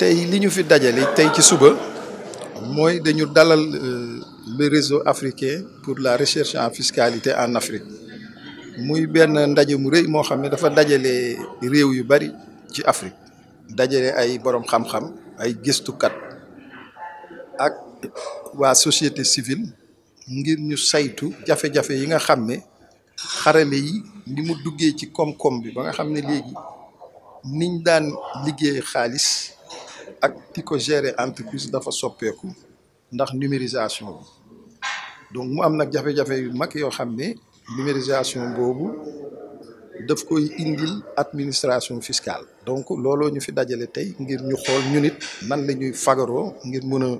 tey li ñu fi dajale tey ci suba mooy dañu dalal euh, le réseau africain pour la recherche en fiscalité en Afrique muy benn ndaje mu rëy moo xam ne dafa dajale réew yu bari ci Afrique dajale ay borom xam-xam ay gëstukat ak waa société civile ngir ñu saytu jafe-jafe yi nga xam ne yi ni mu duggee ci koom-koom bi ba nga xam ne léegi niñ daan liggéey xaalis ak ki ko gérer entreprise dafa soppeeku ndax numérisation bi donc mu am na jafe-jafe yu mag yoo xam ne numérisation boobu daf koy indil administration fiscale donc looloo ñu fi dajale tey ngir ñu xool ñu nit nan la ñuy fagaroo ngir mun a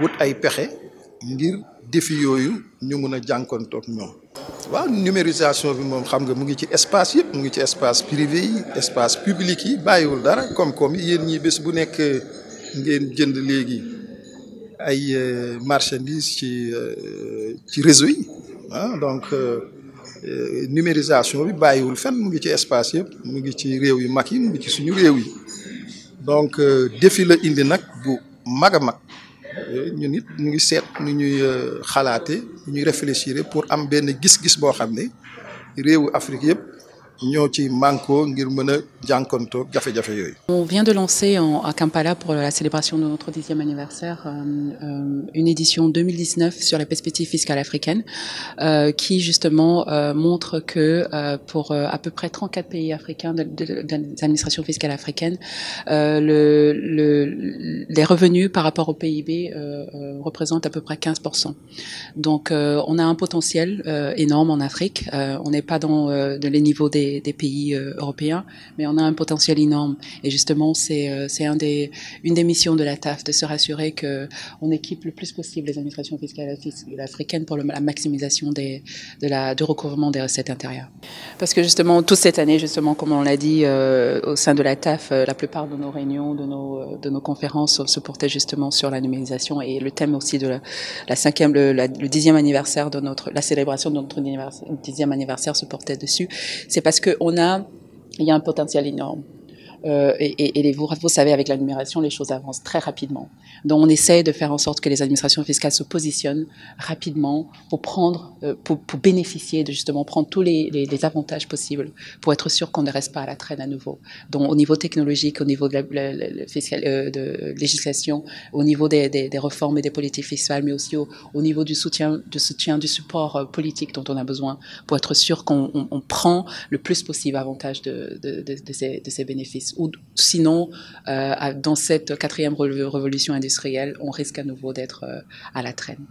wut ay pexe ngir défi yooyu ñu mun a jànkoontoog ñoom waaw numérisation bi moom xam nga mu ngi ci espace yëpp mu ngi ci espace privé espace public yi bàyyiwul dara comme comme yi yéen ñi bés bu nekk ngeen jënd léegi ay euh, marchandises ci euh, ci réseau yi ah, donc euh, numérisation bi bàyyiwul fenn mu ngi ci espace yëpp mu ngi ci réew yu mag yi mu ngi ci suñu réew yi donc défi la indi nag bu mag a mag ñun it ñu ngi seet nu ñuy xalaate ñuy réfléchir pour am benn gis-gis boo xam ne réewu Afrique yëpp ñoo ci manko ngir mën a on vient de lancer à Kampala pour la célébration de notre dixième anniversaire euh, euh, une édition 2019 sur la perspective fiscale africaine euh, qui justement montre que pour à peu près 34 pays africains de, des administrations fiscales africaines les revenus par rapport au PIB représentent à peu près 15%. Donc on a un potentiel énorme en Afrique. on n'est pas dans les niveaux des, pays européens, mais on a un potentiel énorme. Et justement, euh, c'est un des, une des missions de la TAF, de se rassurer qu'on équipe le plus possible les administrations fiscales africaines pour la maximisation des, de du recouvrement des recettes intérieures. Parce que justement, toute cette année, justement, comme on l'a dit, euh, au sein de la TAF, euh, la plupart de nos réunions, de nos, de nos conférences se portaient justement sur la numérisation et le thème aussi de la, cinquième, le, le dixième anniversaire de notre, la célébration de notre dixième anniversaire se portait dessus. C'est parce qu'on a il y a un potentiel énorme. Euh, et, et, les, vous, vous savez, avec l'admiration, les choses avancent très rapidement. Donc on essaie de faire en sorte que les administrations fiscales se positionnent rapidement pour prendre, euh, pour, pour, bénéficier de justement prendre tous les, les, les avantages possibles pour être sûr qu'on ne reste pas à la traîne à nouveau. Donc au niveau technologique, au niveau de la, euh, de législation, au niveau des, des, des, réformes et des politiques fiscales, mais aussi au, niveau du soutien, du soutien, du support politique dont on a besoin pour être sûr qu'on prend le plus possible avantage de, de, de, de ces bénéfices ou sinon, euh, dans cette quatrième révolution industrielle, on risque à nouveau d'être euh, à la traîne.